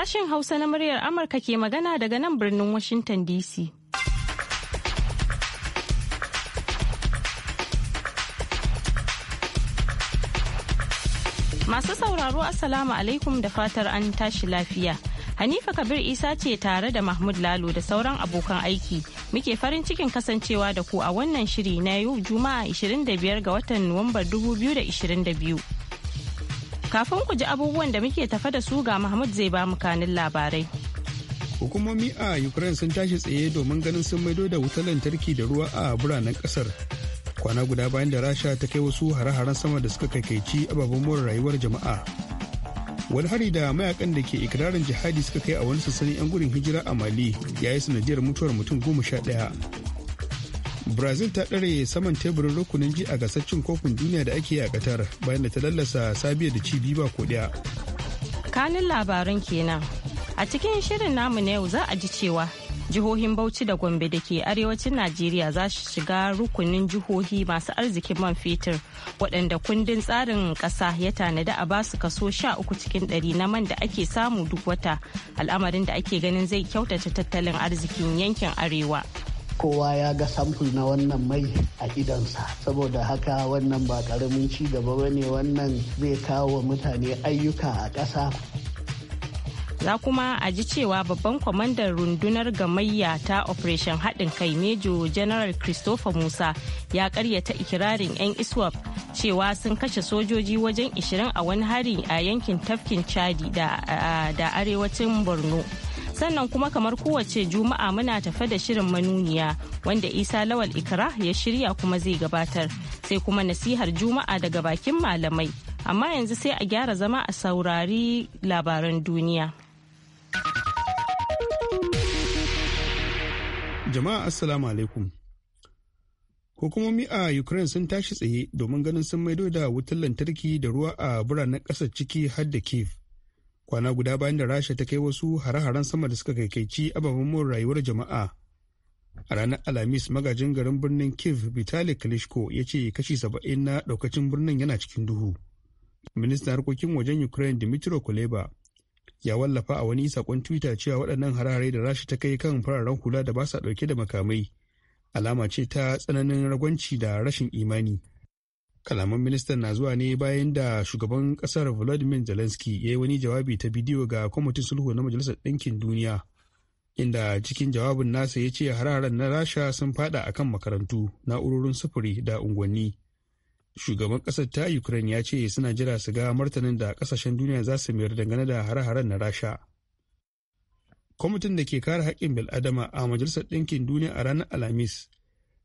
Sashen Hausa na muryar Amurka ke magana daga nan birnin Washington DC. Masu sauraro Assalamu alaikum da fatar an tashi lafiya. Hanifa Kabir Isa ce tare da Mahmud Lalo da sauran abokan aiki. Muke farin cikin kasancewa da ku a wannan shiri na yau Juma'a 25 ga watan Nuwambar 2022. Kafin ku ji abubuwan da muke tafa da su ga Mahmud zai ba mu kanin labarai. Hukumomi a Ukraine sun tashi tsaye domin ganin sun maido da wutar lantarki da ruwa a biranen kasar. Kwana guda bayan da Rasha ta kai wasu hare-haren sama da suka kaikaici ababen more rayuwar jama'a. Wani hari da mayakan da ke ikirarin jihadi suka kai a wani sassanin 'yan gudun hijira a Mali ya yi sanadiyar mutuwar mutum goma sha ɗaya. brazil ta ɗare saman teburin rukunin ji a gasar cin kofin duniya da ake yi a qatar bayan da ta lallasa sabiya da cibi ba ko kanun kanin labaran kenan a cikin shirin namu na yau za a ji cewa jihohin bauchi da gombe da ke arewacin najeriya za su shiga rukunin jihohi masu arzikin man fetur waɗanda kundin tsarin ƙasa ya tanada a basu kaso sha uku cikin ɗari na man da ake samu duk wata al'amarin da ake ganin zai kyautata tattalin arzikin yankin arewa kowa ya ga samfur na wannan mai a gidansa saboda haka wannan ba karamin ci gaba ba ne wannan zai kawo mutane ayyuka a ƙasa za kuma a ji cewa babban kwamandan rundunar gamayya ta operation haɗin kai mejo general christopher musa ya karyata ikirarin 'yan iswap cewa sun kashe sojoji wajen 20 a wani hari a yankin tafkin chadi da arewacin borno sannan kuma kamar kowace juma'a muna tafe da shirin manuniya wanda isa lawal ikra ya shirya kuma zai gabatar sai kuma nasihar juma'a daga bakin malamai amma yanzu sai a gyara zama a saurari labaran duniya jama'a assalamu alaikum hukumomi a ukraine sun tashi tsaye domin ganin sun maido da wutar lantarki da ruwa a biranen ƙasar ciki har da kiev kwana guda bayan da rasha ta kai wasu hare-haren sama da suka kaikaici ababen more rayuwar jama'a a ranar alhamis magajin garin birnin kiev vitali klitschko ya ce kashi saba'in na daukacin birnin yana cikin duhu ministan harkokin wajen ukraine dimitro kuleba ya wallafa a wani sakon twitter cewa waɗannan harare da rasha ta kai kan fararen hula da ba sa ɗauke da makamai alama ce ta tsananin ragwanci da rashin imani kalaman ministan na zuwa ne bayan da shugaban kasar Volodymyr zelensky ya yi wani jawabi ta bidiyo ga kwamitin sulhu na majalisar ɗinkin duniya inda cikin jawabin nasa ya ce hararen na rasha sun fada akan makarantu na'urorin sufuri da unguwanni shugaban kasar ta ukraine ya ce suna jira su ga martanin da kasashen duniya za su mayar dangane da hare-haren na rasha kwamitin da ke kare haƙƙin bil'adama a majalisar ɗinkin duniya a ranar alhamis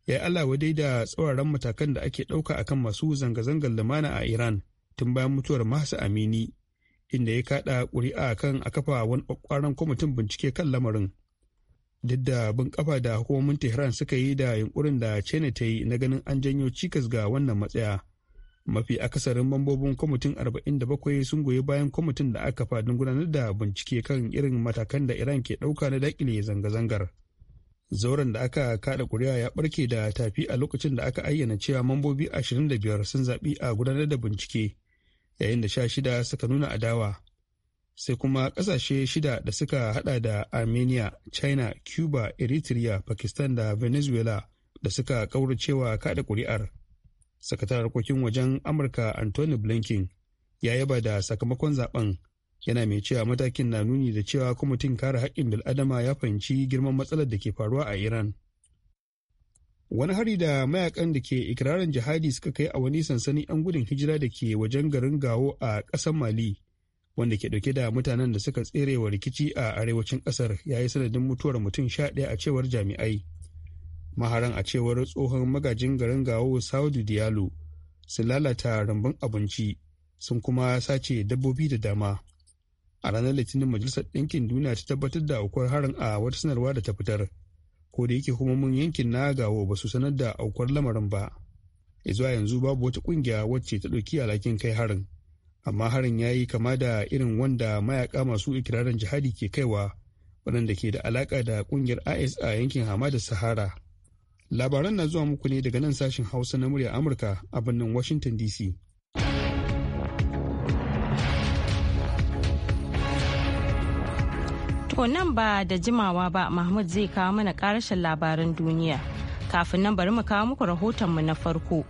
ya yi Allah wadai da tsauraran matakan da ake ɗauka akan masu zanga-zangar lumana a Iran tun bayan mutuwar Mahsa Amini inda ya kaɗa ƙuri'a kan a kafa wani ƙwaƙwaran kwamitin bincike kan lamarin. Duk da bin kafa da hukumomin Tehran suka yi da yunkurin da China ta yi na ganin an janyo cikas ga wannan matsaya. Mafi akasarin mambobin kwamitin bakwai sun goyi bayan kwamitin da aka kafa gudanar da bincike kan irin matakan da Iran ke ɗauka na daƙile zanga-zangar. zauren da aka kada kuri'a ya barke da tafi a lokacin da aka ayyana cewa mambobi 25 sun zaɓi a gudanar da bincike yayin da sha shida suka nuna adawa sai kuma ƙasashe shida da suka hada da armenia china cuba eritrea pakistan da venezuela da suka cewa kada kuri'ar sakatar harkokin wajen amurka Antony blinken ya yaba da sakamakon zaben yana mai cewa matakin na nuni da cewa kwamitin kare haƙƙin bil'adama ya fahimci girman matsalar da ke faruwa a iran wani hari da mayakan da ke ikirarin jihadi suka kai a wani sansanin 'yan gudun hijira da ke wajen garin gawo a ƙasar mali wanda ke dauke da mutanen da suka tsere wa rikici a arewacin ƙasar ya yi sanadin mutuwar mutum sha ɗaya a cewar jami'ai maharan a cewar tsohon magajin garin gawo saudi diallo sun lalata rambun abinci sun kuma sace dabbobi da dama a ranar litinin majalisar ɗinkin duniya ta tabbatar da aukuwar harin a wata sanarwa da ta fitar ko da yake kuma mun yankin na gawo ba su sanar da aukuwar lamarin ba zuwa yanzu babu wata kungiya wacce ta ɗauki alhakin kai harin amma harin ya yi kama da irin wanda mayaka masu ikirarin jihadi ke kaiwa waɗanda ke da alaƙa da ƙungiyar is a yankin hamada sahara labaran na zuwa muku ne daga nan sashen hausa na murya amurka a birnin washington dc To nan ba da jimawa ba Mahmud zai kawo mana karashin labaran duniya. Kafin nan bari mu kawo muku mu na farko.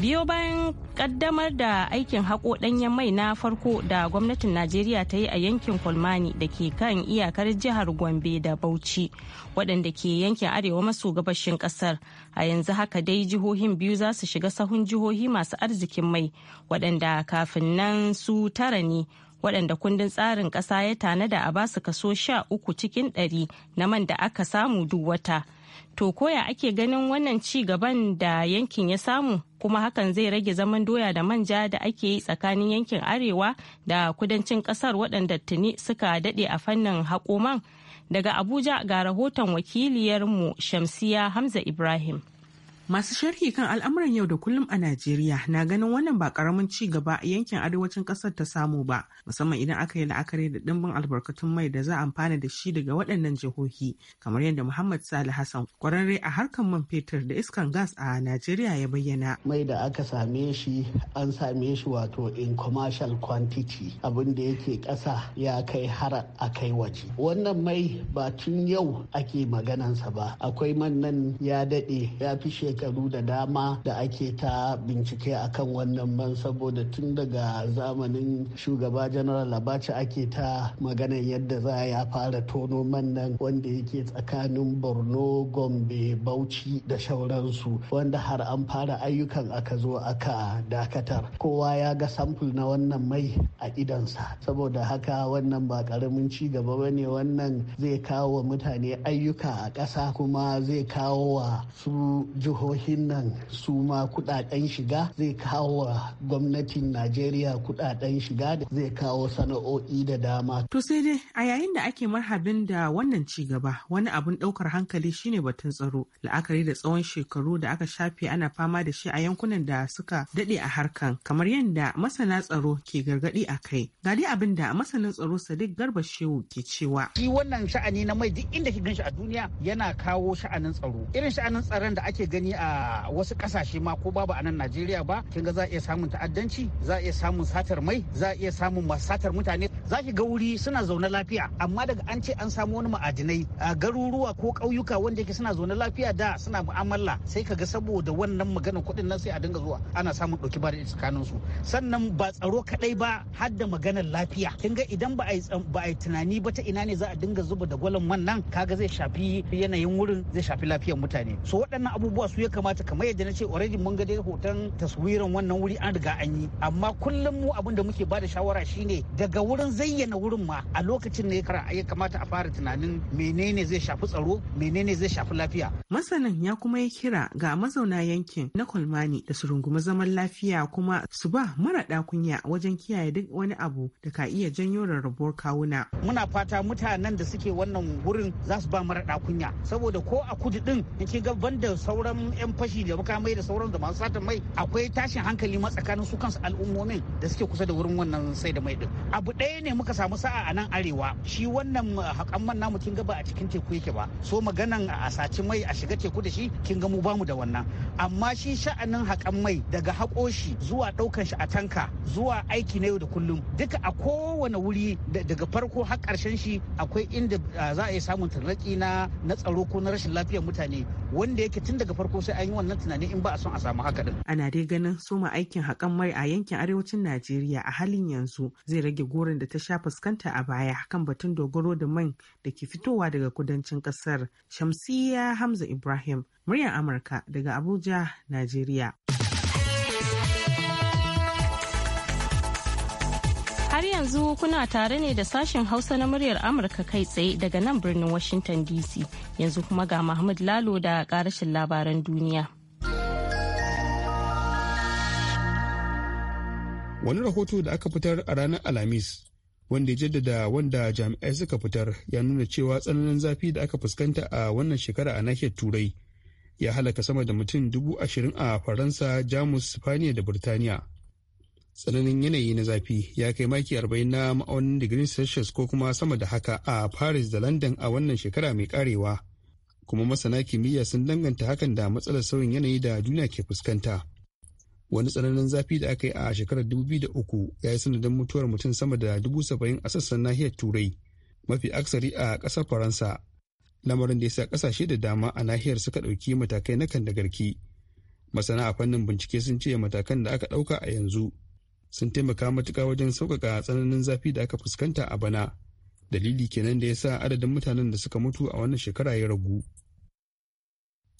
Biyo bayan kaddamar da aikin haƙo ɗanyen mai na farko da gwamnatin Najeriya ta yi a yankin Kolmani da ke kan iyakar jihar Gombe da Bauchi waɗanda ke yankin arewa maso gabashin ƙasar. A yanzu haka dai jihohin biyu za su shiga sahun jihohi masu arzikin mai waɗanda kafin nan su tara ne waɗanda kundin tsarin ƙasa ya tanada a basu kaso sha uku cikin ɗari na man da aka samu duk wata. To koya ake ganin wannan ci gaban da yankin ya samu kuma hakan zai rage zaman doya da manja da ake yi tsakanin yankin arewa da kudancin ƙasar waɗanda tuni suka daɗe a fannin haƙoman. Daga Abuja ga rahoton wakiliyarmu Shamsiya Hamza Ibrahim. Masu sharhi kan al'amuran yau da kullum a Najeriya na ganin wannan ba karamin ci gaba a yankin arewacin kasar ta samu ba, musamman idan aka yi la'akari da dimbin albarkatun mai da za a amfana da shi daga waɗannan jihohi, kamar yadda Muhammad Salih Hassan kwararre a harkar man fetur da iskan gas a Najeriya ya bayyana. Mai da aka same shi an same shi wato in commercial quantity abin da yake ƙasa ya kai har a kai waje. Wannan mai ba tun yau ake maganansa ba, akwai man nan ya daɗe ya fi shekaru shekaru da dama da ake ta bincike akan wannan man saboda tun daga zamanin shugaba general abacha ake ta magana yadda za ya fara tono man nan wanda yake tsakanin borno gombe bauchi da shauransu wanda har an fara ayyukan aka zo aka dakatar kowa ya ga samfur na wannan mai a idansa saboda haka wannan ba karamin ci gaba ba ne wannan zai kawo wa mutane ayyuka a ƙasa kuma zai kawo wa su jihohi jihohin nan su ma kudaden shiga zai kawo gwamnatin najeriya kudaden shiga da zai kawo sana'o'i da dama to sai dai a yayin da ake marhabin da wannan ci gaba wani abun daukar hankali shine batun tsaro la'akari da tsawon shekaru da aka shafe ana fama da shi a yankunan da suka dade a harkan kamar yadda masana tsaro ke gargadi a kai ga dai abin da masanin tsaro sadiq garba shehu ke cewa shi wannan sha'ani na mai duk inda ki gan shi a duniya yana kawo sha'anin tsaro irin sha'anin tsaron da ake gani yi a wasu kasashe ma ko babu a nan najeriya ba kin ga za a iya samun ta'addanci za a iya samun satar mai za a iya samun satar mutane za ki ga wuri suna zaune lafiya amma daga an ce an samu wani ma'adinai a garuruwa ko ƙauyuka wanda yake suna zaune lafiya da suna mu'amala sai ka ga saboda wannan maganar kuɗin nan sai a dinga zuwa ana samun ɗauki ba da tsakanin su sannan ba tsaro kaɗai ba har da maganar lafiya kin ga idan ba a yi tunani ba ta ina ne za a dinga zuba da gwalan man nan kaga zai shafi yanayin wurin zai shafi lafiyar mutane so waɗannan abubuwa su ya kamata kamar yadda na ce already mun ga dai hoton taswiran wannan wuri an riga an yi amma kullum mu abin da muke bada shawara shine daga wurin zayyana wurin ma a lokacin ne ya kamata a fara tunanin menene zai shafi tsaro menene zai shafi lafiya masanin ya kuma yi kira ga mazauna yankin na kulmani da su rungumi zaman lafiya kuma su ba mara kunya wajen kiyaye duk wani abu da ka iya janyo rarrabuwar kawuna muna fata mutanen da suke wannan wurin za su ba mara kunya saboda ko a kudu din in ga banda sauran 'yan fashi da makamai da sauran da masu sata mai akwai tashin hankali ma tsakanin su kansu al'ummomin da suke kusa da wurin wannan sai da mai din abu ɗaya ne muka samu sa'a a nan arewa shi wannan uh, haƙan man namu kin ga ba a cikin teku yake ba so maganan a saci mai a shiga teku da shi kin ga mu ba mu da wannan amma shi sha'anin hakan mai daga haƙoshi zuwa ɗaukan shi a tanka zuwa aiki na yau da kullum duka a kowane wuri daga farko har ƙarshen shi akwai inda uh, za a yi samun tarnaki na na tsaro ko na rashin lafiyar mutane wanda yake tun daga farko sai an yi wannan tunani in ba a son a samu haka din. Ana dai ganin soma aikin haƙan mai a yankin arewacin Najeriya a halin yanzu zai rage gorin da ta sha fuskanta a baya kan batun dogaro da man da ke fitowa daga kudancin ƙasar. shamsiyya Hamza Ibrahim, muryar Amurka daga Abuja, Najeriya. Har yanzu kuna tare ne da sashen Hausa na muryar Amurka kai tsaye daga nan birnin Washington DC. Yanzu kuma ga Mahmud Lalo da karashin labaran duniya. Wani rahoto da aka fitar a ranar Alhamis, wanda ya jaddada wanda jami'ai suka fitar ya nuna cewa tsananin zafi da aka fuskanta a wannan shekara a nahiyar Turai ya halaka sama da mutum dubu ashirin a Faransa, Jamus, Spaniya da Burtaniya. tsananin yanayi na zafi ya kai maki 40 na ma'aunin digirin celsius ko kuma sama da haka a paris da london a wannan shekara mai karewa kuma masana kimiyya sun danganta hakan da matsalar sauyin yanayi da duniya ke fuskanta wani tsananin zafi da aka yi a shekarar 2003 ya yi sanadin mutuwar mutum sama da 70,000 a sassan nahiyar turai mafi aksari a ƙasar faransa lamarin da ya sa ƙasashe da dama a nahiyar suka ɗauki matakai na kan da garki masana a fannin bincike sun ce matakan da aka ɗauka a yanzu sun taimaka matuka wajen sauƙaƙa tsananin zafi da aka fuskanta a bana dalili kenan da ya sa adadin mutanen da suka mutu a wannan shekara ya ragu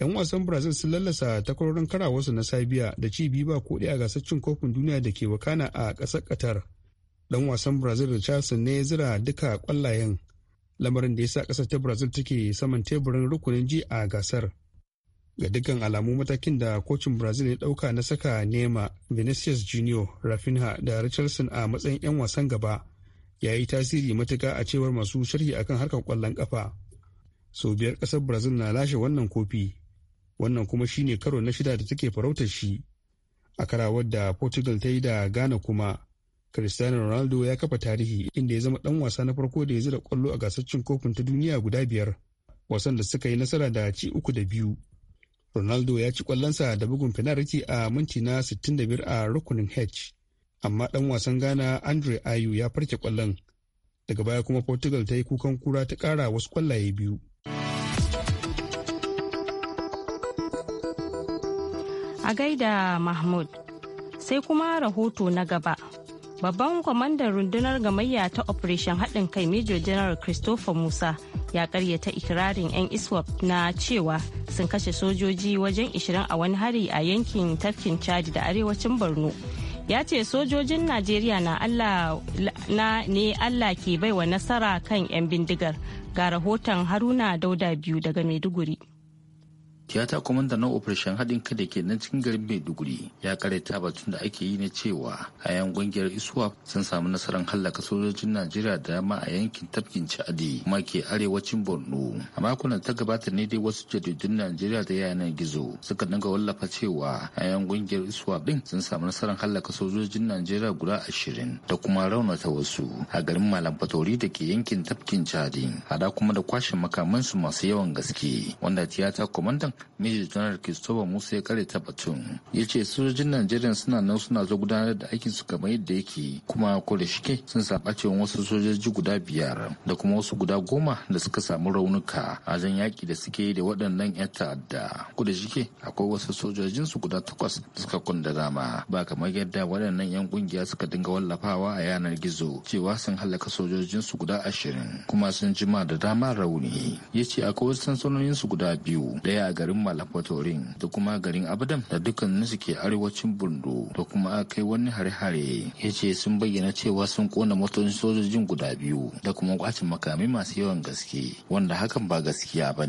'yan wasan brazil sun lallasa takwarorin karawarsu na sabiya da ci biyu ba koɗi a gasar cin kofin duniya da ke wakana a ƙasar qatar dan wasan brazil richardson ne ya zira duka kwallayen lamarin da ya sa ƙasar ta brazil take saman teburin rukunin ji a gasar ga dukkan alamu matakin da kocin brazil ya dauka na saka nema vinicius junior rafinha da richardson a matsayin 'yan wasan gaba ya yi tasiri matuka a cewar masu sharhi akan harkar kwallon kafa sau biyar kasar brazil na lashe wannan kofi wannan kuma shine karo na shida da take farautar shi a karawar da portugal ta yi da ghana kuma cristiano ronaldo ya kafa tarihi inda ya zama dan wasa na farko da ya zira kwallo a gasar cin kofin ta duniya guda biyar wasan da suka yi nasara da ci uku da biyu Ronaldo ya ci kwallonsa da bugun fenariti a minti na 65 a rukunin H, amma ɗan wasan Ghana Andre ayu ya farke kwallon. Daga baya kuma Portugal ta yi kukan kura ta kara wasu kwallaye biyu. A gaida Mahmud, sai kuma rahoto na gaba babban kwamandan rundunar gamayya ta operation haɗin kai major general christopher musa ya karyata ikirarin 'yan iswap na cewa sun kashe sojoji wajen 20 a wani hari a yankin tafkin chad da arewacin borno ya ce sojojin najeriya na allah na ne allah ke baiwa nasara kan 'yan bindigar ga rahoton haruna dauda biyu daga maiduguri tiyata kwamanda na operation haɗin kai da ke nan cikin garin maiduguri ya karaita batun da ake yi na cewa a yan kungiyar iswap sun samu nasarar hallaka sojojin najeriya da dama a yankin tafkin chadi kuma ke arewacin borno a makonan ta gabata ne dai wasu jaridun najeriya da yanar gizo suka dinga wallafa cewa a yan kungiyar iswap din sun samu nasarar hallaka sojojin najeriya guda ashirin da kuma raunata wasu a garin malam fatori da ke yankin tafkin chadi hada kuma da kwashe makamansu masu yawan gaske wanda tiyata kwamandan major janar christopher musa ya kare tabbatun. batun ya ce sojojin najeriya suna nan suna zo gudanar da aikin su kamar yadda yake kuma ko da shike sun saba cewa wasu sojoji guda biyar da kuma wasu guda goma da suka samu raunuka a jan yaki da suke yi da waɗannan 'yan ta'adda ko da shike akwai wasu sojojin su guda takwas da suka kunda dama ba kamar yadda waɗannan 'yan ƙungiya suka dinga wallafawa a yanar gizo cewa sun halaka sojojin su guda ashirin kuma sun jima da dama rauni ya ce akwai wasu sansanonin su guda biyu ɗaya a garin garin Malakatorin da kuma garin Abadam da nasu ke arewacin bundo. da kuma kai wani hare-hare ya ce sun bayyana cewa sun kona motocin sojojin guda biyu da kuma kwacin makamai masu yawan gaske wanda hakan ba gaskiya ba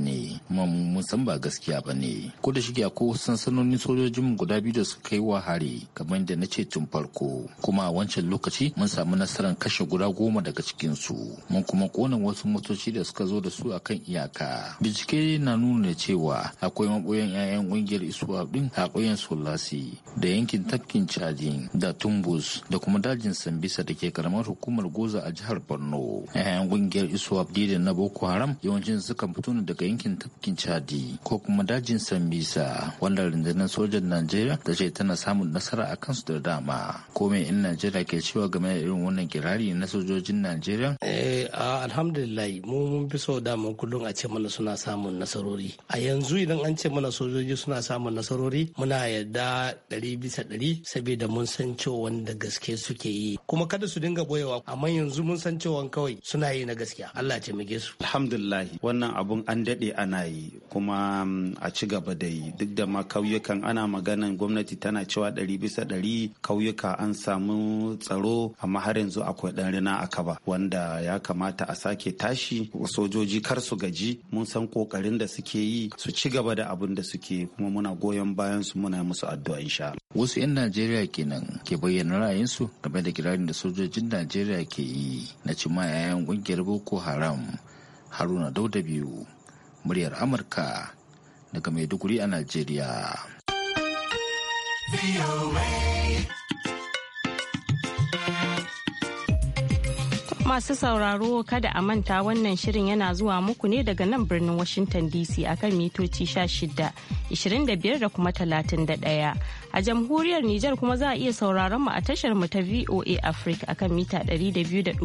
kuma mun san ba gaskiya bane. ne ko da shige ko sansanonin sojojin guda biyu da suka yi wa hari kamar da na ce tun farko kuma a wancan lokaci mun samu nasarar kashe guda goma daga cikin su mun kuma kona wasu motoci da suka zo da su akan iyaka bincike na nuna cewa akwai maboyan 'ya'yan ƙungiyar isuwa din a ƙauyen solasi da yankin tafkin chadi da tumbus da kuma dajin sambisa da ke karamar hukumar goza a jihar borno 'ya'yan ƙungiyar isuwa da na boko haram yawancin suka fito ne daga yankin tafkin chadi ko kuma dajin sambisa wanda rundunar sojan najeriya da ce tana samun nasara a kansu da dama ko mai in najeriya ke cewa game da irin wannan kirari na sojojin najeriya eh alhamdulillah mu mun fi so dama kullum a ce mana suna samun nasarori a yanzu idan idan an ce mana sojoji suna samun nasarori muna yadda ɗari bisa ɗari saboda mun san cewa da gaske suke yi kuma kada su dinga boyewa amma yanzu mun san cewa kawai suna yi na gaskiya Allah ce muke su alhamdulillah wannan abun an daɗe ana yi kuma mm, a ci gaba da yi duk da ma kauyukan ana maganan gwamnati tana cewa ɗari bisa ɗari kauyuka an samu tsaro amma har yanzu akwai ɗan rina a kaba wanda ya kamata a sake tashi sojoji kar su gaji mun san ƙoƙarin da suke yi su ci gaba gaba da abin da suke kuma muna goyon bayan su muna musu addu'a insha Wasu 'yan Najeriya kenan ke bayyana ra'ayin su game da kirarin da sojojin Najeriya ke yi na cima 'ya'yan ƙungiyar Boko Haram Haruna Dauda biyu muryar Amurka daga Maiduguri a Najeriya. Masu sauraro kada a manta wannan shirin yana zuwa muku ne daga nan birnin Washington DC akan mitoci 16, 25 da kuma 31. A jamhuriyar Nijar kuma za a iya sauraron mu a tashar mu ta VOA Africa akan mita 200.5.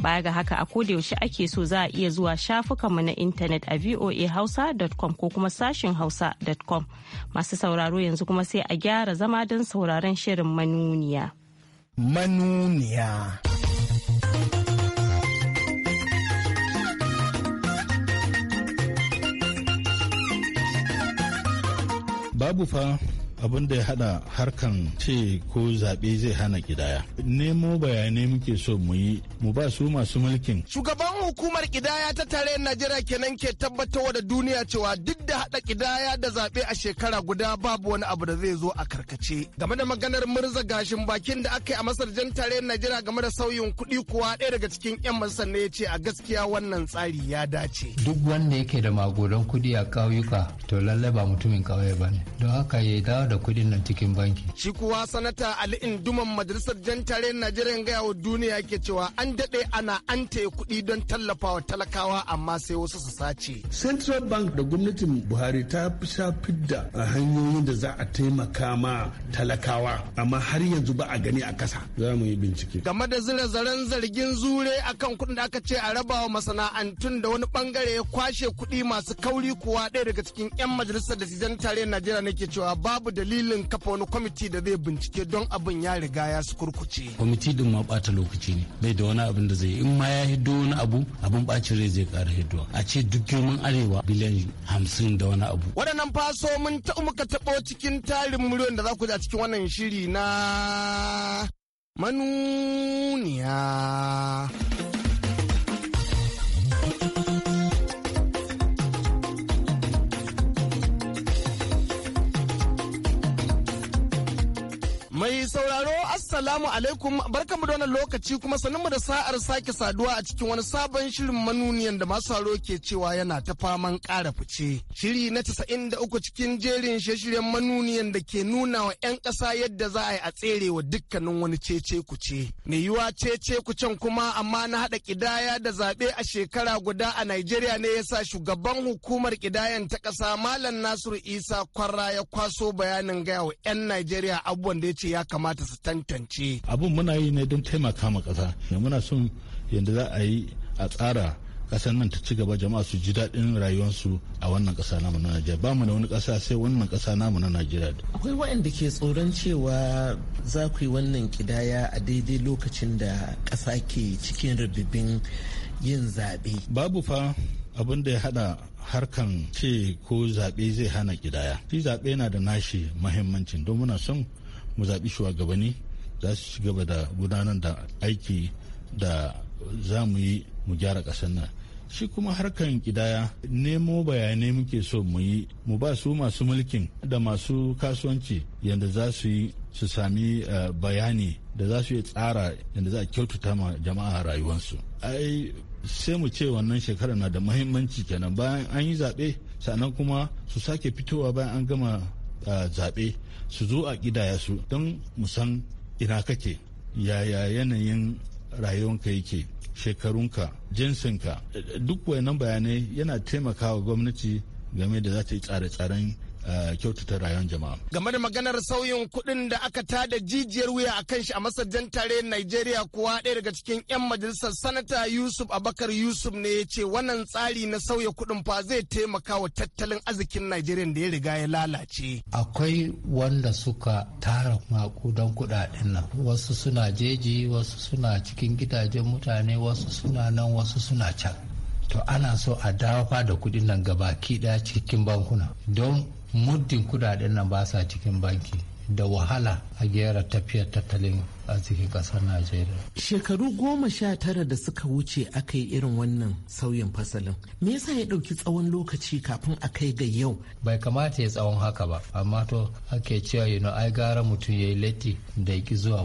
Baya ga haka a yaushe ake so za a iya zuwa shafukan mu na intanet a voahausa.com ko kuma sashin hausa.com. Masu sauraro yanzu kuma sai a gyara zama don sauraron shirin manuniya. Manuniya. babu fa abin da ya hada harkan ce ko zaɓe zai hana kidaya nemo bayanai muke so mu yi mu ba su masu mulkin shugaban hukumar kidaya ta tare najeriya kenan ke tabbatarwa da duniya cewa duk da hada kidaya da zaɓe a shekara guda babu wani abu da zai zo a karkace game da maganar murza gashin bakin da aka yi a masar jan tare najeriya game da sauyin kuɗi kuwa ɗaya daga cikin 'yan masar ne ya ce a gaskiya wannan tsari ya dace duk wanda yake da magodan kuɗi a ƙauyuka to lallai ba mutumin ƙauye ba ne don haka ya yi da kuɗin nan cikin banki. Shi kuwa sanata Ali Induman majalisar jan tare Najeriya gaya wa duniya ke cewa an daɗe ana an taya kuɗi don tallafawa talakawa amma sai wasu su sace. Central Bank da gwamnatin Buhari ta sha fidda a hanyoyin da za a taimaka ma talakawa amma har yanzu ba a gani a kasa. Za mu yi bincike. Game da zira zaren zargin zure akan kuɗin da aka ce a rabawa masana'antun da wani bangare ya kwashe kuɗi masu kauri kuwa ɗaya daga cikin 'yan majalisar da tare Najeriya ne ke cewa babu dalilin kafa wani kwamiti da zai bincike don abin ya riga ya su kurkuce kwamiti din ma bata lokaci ne bai da wani abin da zai in ma ya hiddo wani abu abin bacin rai zai kara hiddowa a ce duk girman arewa biliyan hamsin da wani abu waɗannan faso mun taɓa muka taɓo cikin tarin miliyon da za ku ji cikin wannan shiri na manuniya Assalamu alaikum barkamu da wannan lokaci kuma sanin da sa'ar sake saduwa a cikin wani sabon shirin manuniyan da masu haro ke cewa yana ta faman ƙara fice. Shiri na casa'in da cikin jerin shirye-shiryen manuniyan da ke nuna wa 'yan ƙasa yadda za a yi a tsere wa dukkanin wani cece kuce. Mai yiwuwa cece kucen kuma amma na haɗa ƙidaya da zaɓe a shekara guda a Najeriya ne ya sa shugaban hukumar ƙidayan ta ƙasa Malam Nasiru Isa Kwarra ya kwaso bayanin gaya wa 'yan Najeriya abubuwan da ya ce ya kamata su tantance. abun muna yi ne don taimaka ma ƙasa muna son yadda za a yi a tsara ƙasar nan ta ci gaba jama'a su ji daɗin rayuwarsu a wannan ƙasa namu na Najeriya ba mu da wani ƙasa sai wannan ƙasa namu na Najeriya akwai waɗanda ke tsoron cewa za ku yi wannan kidaya a daidai lokacin da ƙasa ke cikin rabibin yin zaɓe babu fa abin da ya haɗa harkan ce ko zaɓe zai hana kidaya shi zaɓe yana da nashi mahimmancin don muna son mu zaɓi shugabanni za su ci gaba da gudanar da aiki da za mu yi mu gyara ƙasar nan shi kuma harkan kidaya nemo bayanai muke so mu yi mu ba su masu mulkin da masu kasuwanci yadda za su yi su sami eh, bayani da za su yi tsara yadda za a kyautata ma jama'a rayuwarsu ai sai mu ce wannan shekarar na da mahimmanci kenan bayan an yi zaɓe sannan kuma su sake fitowa bayan an gama eh, zaɓe su zo a kidaya su don mu san ina kake yaya yanayin rayuwanka yake shekarunka jinsinka duk wayannan bayanai yana taimakawa gwamnati game da za ta yi tsare-tsaren Eh, kyautata rayuwar jama'a. Game da maganar sauyin kuɗin da aka tada jijiyar wuya a kan shi a masajan tare Najeriya kuwa ɗaya daga cikin 'yan majalisar sanata Yusuf Abakar Yusuf ne ya ce wannan tsari na sauya kuɗin fa zai taimaka wa tattalin arzikin Najeriya da ya riga ya lalace. Akwai wanda suka tara makudan kuɗaɗen nan wasu suna jeji wasu suna cikin gidajen mutane wasu suna nan wasu suna can. to ana so a dawo da kudin nan gabaki daya cikin bankuna don muddin kudaden nan ba sa cikin banki da wahala a gera tafiyar tattalin arzikin ƙasar Najeriya. Shekaru goma sha tara da suka wuce aka yi irin wannan sauyin fasalin. Me yasa ya ɗauki tsawon lokaci kafin a kai ga yau? Bai kamata ya tsawon haka ba, amma to ake cewa yi ai gara mutum ya yi latti da ya ki zuwa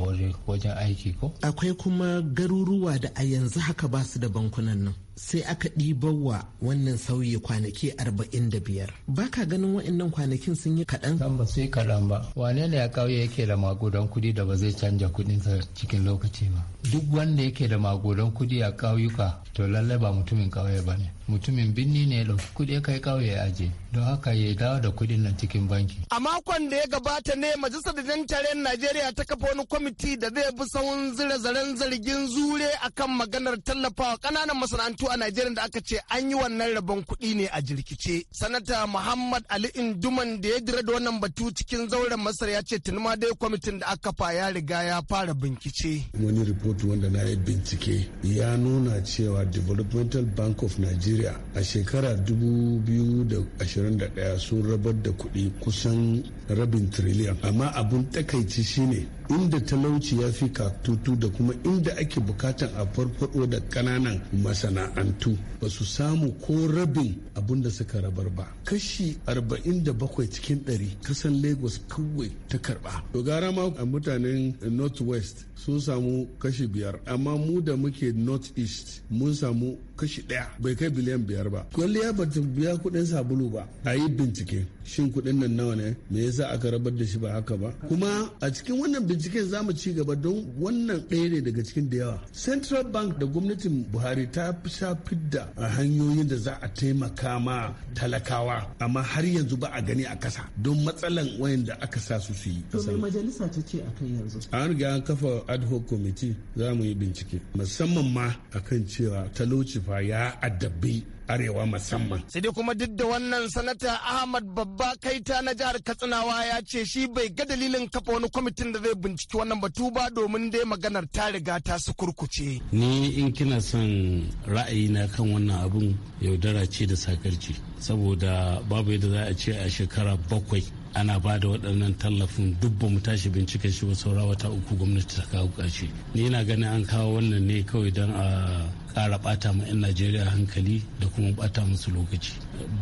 wajen aiki ko? Akwai kuma garuruwa da a yanzu haka ba su da bankunan nan. sai aka ɗibawa wannan sauyi kwanaki arba'in da biyar. Ba ka ganin wa'annan kwanakin sun yi kaɗan? Kan ba su yi kaɗan ba. Wane ne a ƙauye yake da magudan kudi da ba zai canja kudinsa cikin lokaci ba duk wanda yake da magudan kudi a ƙauyuka to lallai ba mutumin ƙauye ba ne mutumin binni ne ya ɗauki kudi kai ƙauye ya aje don haka ya dawo da kudin nan cikin banki. a makon da ya gabata ne majalisar dan tarayyar najeriya ta kafa wani kwamiti da zai bi sahun zira zaren zargin zure akan maganar tallafawa ƙananan masana'antu a najeriya da aka ce an yi wannan rabon kuɗi ne a jirkice sanata muhammad ali induman da ya dira da wannan batu cikin zauren masar ya ce tunuma dai kwamiti kwamitin da aka fa ya riga ya fara bincike. Wani report wanda na yi bincike ya nuna cewa Developmental Bank of Nigeria a shekara 2021 sun rabar da kuɗi kusan rabin triliyan. Amma abun takaici shine inda talauci ya fi katutu da kuma inda ake bukatan a farfado da kananan masana'antu ba su samu ko rabin abin da suka rabar ba kashi 47 cikin 100 kasan lagos kawai ta karba to gara ma a mutanen northwest sun samu kashi biyar amma mu da muke northeast mun samu kashi ɗaya bai kai biliyan biyar ba kwalliya ba ta biya kuɗin sabulu ba a yi bincike shin kuɗin nan nawa ne me yasa aka rabar da shi ba haka ba kuma a cikin wannan binciken za mu ci gaba don wannan ɗaya ne daga cikin da yawa central bank da gwamnatin buhari ta sha fidda a hanyoyin da za a taimaka ma talakawa amma har yanzu ba a gani a kasa don matsalan wayanda aka sa su su yi majalisa ta ce yanzu an riga an kafa ad hoc committee za mu yi bincike musamman ma akan cewa talauci asifa ya addabi arewa musamman. Sai dai kuma duk da wannan sanata Ahmad Babba Kaita na jihar Katsinawa ya ce shi bai ga dalilin kafa wani kwamitin da zai binciki wannan batu ba domin dai maganar ta riga ta su kurkuce. Ni in kina son ra'ayi na kan wannan abun yaudara ce da sakarci saboda babu yadda za a ce a shekara bakwai ana ba da waɗannan tallafin duk ba mu tashi bincike shi ba saura wata uku gwamnati ta kawo ƙarshe ni yana ganin an kawo wannan ne kawai don a kara bata ma 'yan najeriya hankali da kuma bata musu lokaci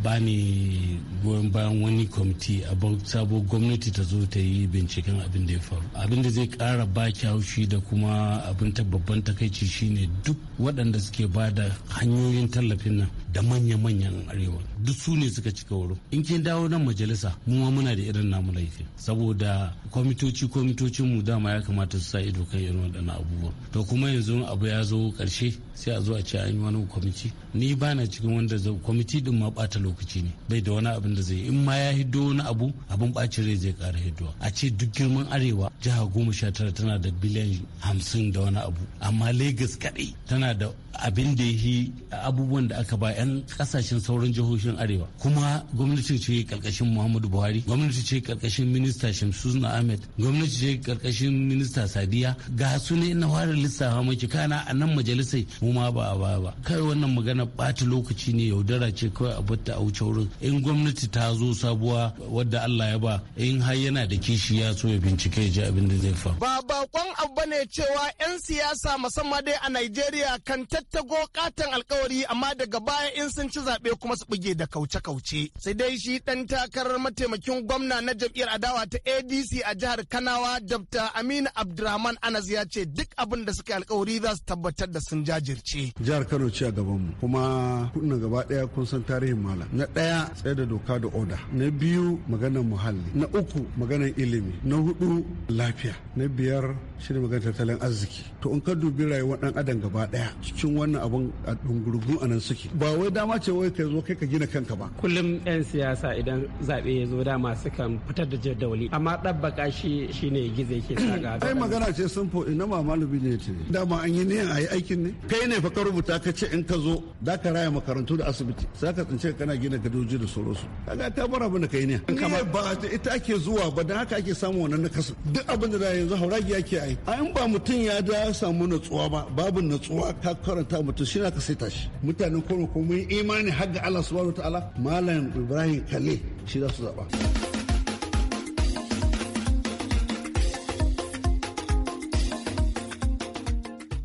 ba ni goyon bayan wani kwamiti a sabo gwamnati ta zo ta yi binciken abin da ya faru abin da zai kara ba haushi da kuma abin ta babban takaici shine duk waɗanda suke ba da hanyoyin tallafin nan da manya-manyan arewa duk su ne suka cika wurin in kin dawo nan majalisa mu ma muna da irin namu laifi saboda kwamitoci kwamitocin mu dama ya kamata su sa ido kan irin waɗannan abubuwa to kuma yanzu abu ya zo ƙarshe sai a zuwa ce an yi wani kwamiti ni ba na cikin wanda kwamiti din ma bata lokaci ne bai da wani abin da zai in ma ya hiddo wani abu abin bacin rai zai kara hiddowa a ce duk girman arewa jiha goma sha tara tana da biliyan hamsin da wani abu amma lagos kadai tana da abin da ya yi abubuwan da aka ba 'yan kasashen sauran jihohin arewa kuma gwamnati ce karkashin muhammadu buhari gwamnati ce karkashin minista na ahmed gwamnati ce karkashin minista sadiya ga su ne na fara lissafa maki kana a nan majalisai mu ma ba a baya ba kai wannan magana ɓata lokaci ne yaudara ce kawai a bata a wuce wurin in gwamnati ta zo sabuwa wadda Allah ya ba in har yana da kishi ya so ya bincike ji abin da zai faru. Ba bakon abu bane cewa 'yan siyasa musamman dai a Najeriya kan tattago katon alkawari amma daga baya in sun ci zaɓe kuma su buge da kauce-kauce. Sai dai shi dan takarar mataimakin gwamna na jam'iyyar adawa ta ADC a jihar Kanawa Dr. Aminu Abdulrahman Anas ya ce duk abin da suka yi alkawari za su tabbatar da sun jajirce. Jihar Kano ce a mu kuma Kunna gaba daya kun san tarihin malam. Na ɗaya tsaye da doka da oda. Na biyu maganar muhalli. Na uku maganar ilimi. Na hudu lafiya. Na biyar shi ne maganar tattalin arziki. To in ka dubi rayuwar dan adam gaba daya cikin wannan abun a dungurgun a nan suke. Ba wai dama ce wai ka zo kai ka gina kanka ba. Kullum 'yan siyasa idan zaɓe ya zo dama sukan fitar da jadawali amma ɗabbaka shi shine gizo ke saka. Ai magana ce sun fo ina ma malubi ne ce. Dama an yi niyan a yi aikin ne. Kai ne fa ka rubuta ka ce in ka zo da ka raya makarantu da asibiti sai ka tsince kana gina gadoji da sauransu kaga ta bar abin da kai ne ba ta ita ake zuwa ba da haka ake samu wannan nakasa duk abin da yanzu hauragi yake ai a in ba mutum ya da samu natsuwa ba babu natsuwa ka karanta mutum shi na ka saita shi mutanen kuma ko mun imani har ga Allah subhanahu wa ta'ala malam Ibrahim Kale shi za su zaba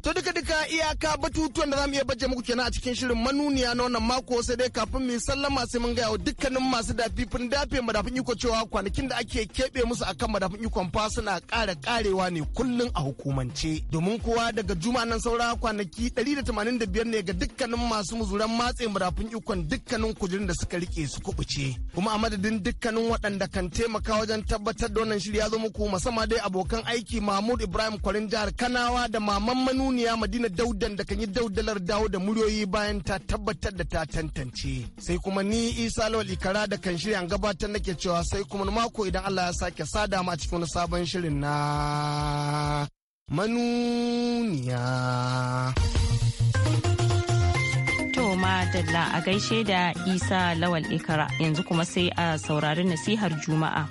To duka duka iyaka batutuwan da zamu iya baje muku kenan a cikin shirin manuniya na wannan mako sai dai kafin mu sallama sai mun gaya wa dukkanin masu dafifin dafe madafin iko cewa kwanakin da ake keɓe musu akan madafin ikon fa suna ƙara ƙarewa ne kullun a hukumance. Domin kuwa daga juma nan saura kwanaki 185 ne ga dukkanin masu muzuran matse madafin ikon dukkanin kujerun da suka rike su kubuce. Kuma a madadin dukkanin waɗanda kan taimaka wajen tabbatar da wannan shirya zo muku musamman dai abokan aiki Mahmud Ibrahim Kwarin jihar Kanawa da Maman Manuni duniya Madina Daudan da kan yi daudalar dawo da muryoyi bayan ta tabbatar da ta tantance. Sai kuma ni Isa Lawal Ikara da kan shirya gabatar nake cewa sai kuma mako idan Allah ya sake sada ma cikin wani sabon shirin na manuniya. To dalla a gaishe da Isa Lawal Ikara yanzu kuma sai a saurari nasihar Juma'a.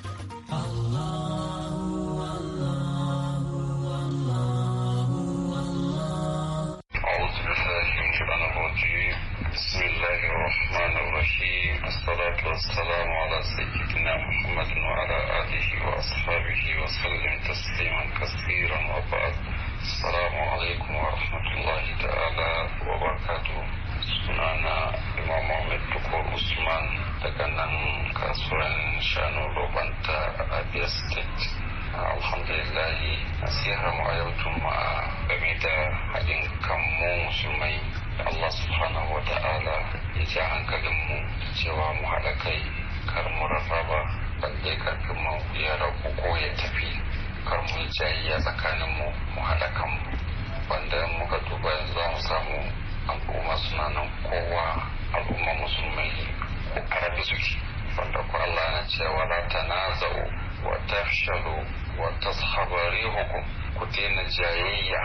yana ta la tanaza'u wa shalo wa tashabu hukum ku daina jayayya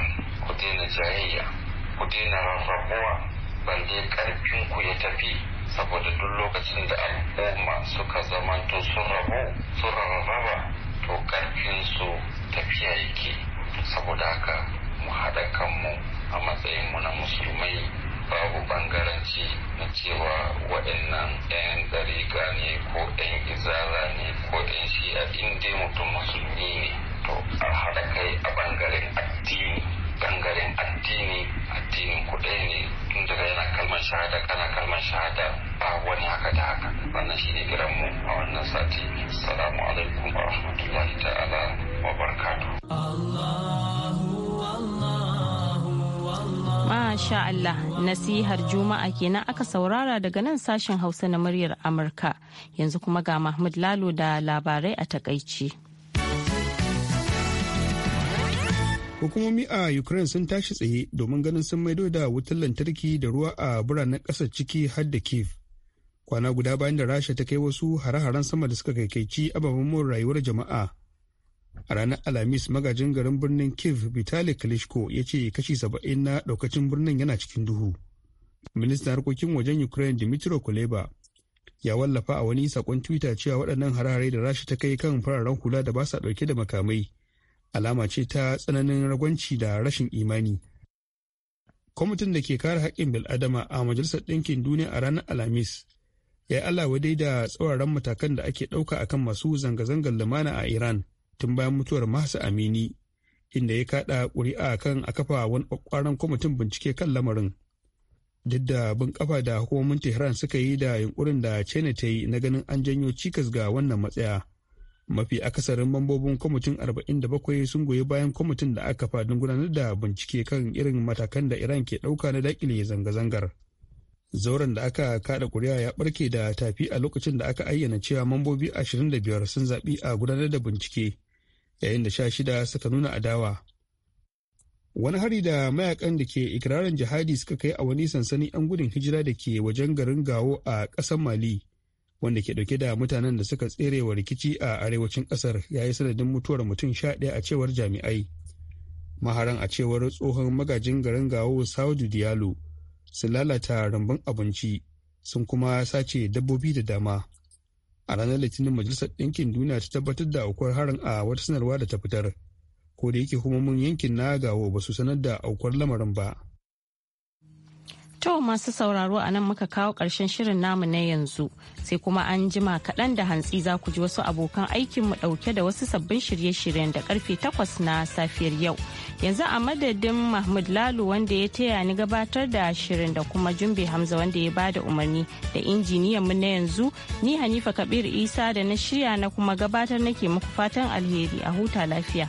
ku daina jayayya ku dina rarrabuwa balle karfin ku ya tafi saboda duk lokacin da al'umma suka zamanto sun rabu sun rarraba to karfin su tafiya yake saboda haka mu haɗa kanmu a matsayin mu na musulmai babu bangaranci na cewa waɗannan 'yan ɗariƙa ne ko 'yan izara ne ko 'yan shi'a in dai mutum musulmi ne to a haɗa kai a bangaren addini bangaren addini addinin kuɗai ne tun daga yana kalmar shahada kana kalmar shahada ba wani haka da haka wannan shine kiran mu a wannan sati salamu alaikum wa rahmatullahi ta'ala wa barakatuh Masha Allah nasihar Juma'a kenan aka saurara daga nan sashen Hausa na muryar Amurka yanzu kuma ga Mahmud Lalo da labarai a takaici. Hukumomi a Ukraine sun tashi tsaye domin ganin sun maido da wutar lantarki da ruwa a biranen ƙasar ciki har da Kiev. Kwana guda bayan da Rasha ta kai wasu hare-haren sama da suka kaikaici ababen rayuwar jama'a. a ranar alhamis magajin garin birnin kiev vitali klitschko ya ce kashi saba'in na daukacin birnin yana cikin duhu ministan harkokin wajen ukraine dimitro kuleba ya wallafa a wani sakon twitter cewa waɗannan harare da rashi ta kai kan fararen hula da ba sa ɗauke da makamai alama ce ta tsananin ragwanci da rashin imani kwamitin da ke kare haƙƙin bil'adama a majalisar ɗinkin duniya a ranar alhamis ya yi dai da tsauraran matakan da ake ɗauka akan masu zanga-zangar lumana a iran tun bayan mutuwar Mahsa Amini inda ya kaɗa ƙuri'a kan a kafa wani ƙwaƙwaran kwamitin bincike kan lamarin. Duk da bin kafa da hukumomin Tehran suka yi da yunkurin da China ta yi na ganin an janyo cikas ga wannan matsaya. Mafi akasarin mambobin kwamitin 47 sun goyi bayan kwamitin da aka kafa don gudanar da bincike kan irin matakan da Iran ke ɗauka na dakile zanga-zangar. zauren da aka kada kuri'a ya ɓarke da tafi a lokacin da aka ayyana cewa mambobi 25 sun zaɓi a gudanar da bincike yayin da sha shida suka nuna adawa wani hari da mayakan da ke ikirarin jihadi suka kai a wani sansanin 'yan gudun hijira da ke wajen garin gawo a ƙasar mali wanda ke dauke da mutanen da suka tsere wa rikici a arewacin ƙasar ya yi sanadin mutuwar mutum sha ɗaya a cewar jami'ai maharan a cewar tsohon magajin garin gawo saudu diallo sun lalata rambun abinci sun kuma sace dabbobi da dama a ranar litinin majalisar ɗinkin duniya ta tabbatar da aukuwar harin a wata sanarwa da ta fitar ko da yake hukumomin yankin na gawo ba su sanar da aukuwar lamarin ba To masu sauraro a nan muka kawo ƙarshen shirin namu na yanzu sai kuma an jima kaɗan da hantsi za ku ji wasu abokan aikinmu ɗauke da wasu sabbin shirye-shiryen da karfe takwas na safiyar yau. Yanzu a madadin Mahmud Lalu wanda ya taya ni gabatar da shirin da kuma Jumbe Hamza wanda ya bada umarni da injiniyan mu na yanzu ni Hanifa kabiru Isa da na shirya na kuma gabatar nake muku fatan alheri a huta lafiya.